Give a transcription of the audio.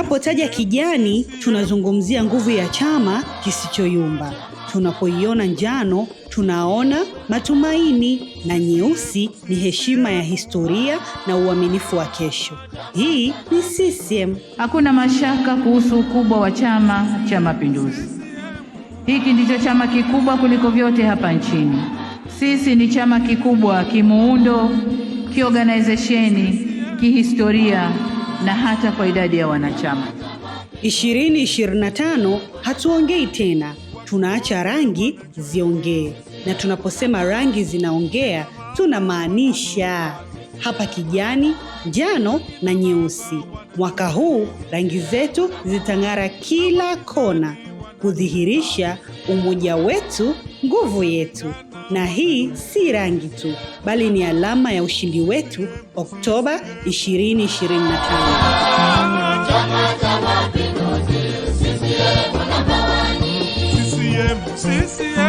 Tunapotaja kijani, tunazungumzia nguvu ya chama kisichoyumba. Tunapoiona njano, tunaona matumaini, na nyeusi ni heshima ya historia na uaminifu wa kesho. Hii ni CCM. Hakuna mashaka kuhusu ukubwa wa Chama cha Mapinduzi. Hiki ndicho chama kikubwa kuliko vyote hapa nchini. Sisi ni chama kikubwa kimuundo, kiorganizesheni, kihistoria na hata kwa idadi ya wanachama. 2025 hatuongei tena, tunaacha rangi ziongee. Na tunaposema rangi zinaongea, tunamaanisha hapa kijani, njano na nyeusi. Mwaka huu rangi zetu zitang'ara kila kona, kudhihirisha umoja wetu, nguvu yetu na hii si rangi tu, bali ni alama ya ushindi wetu Oktoba 2025.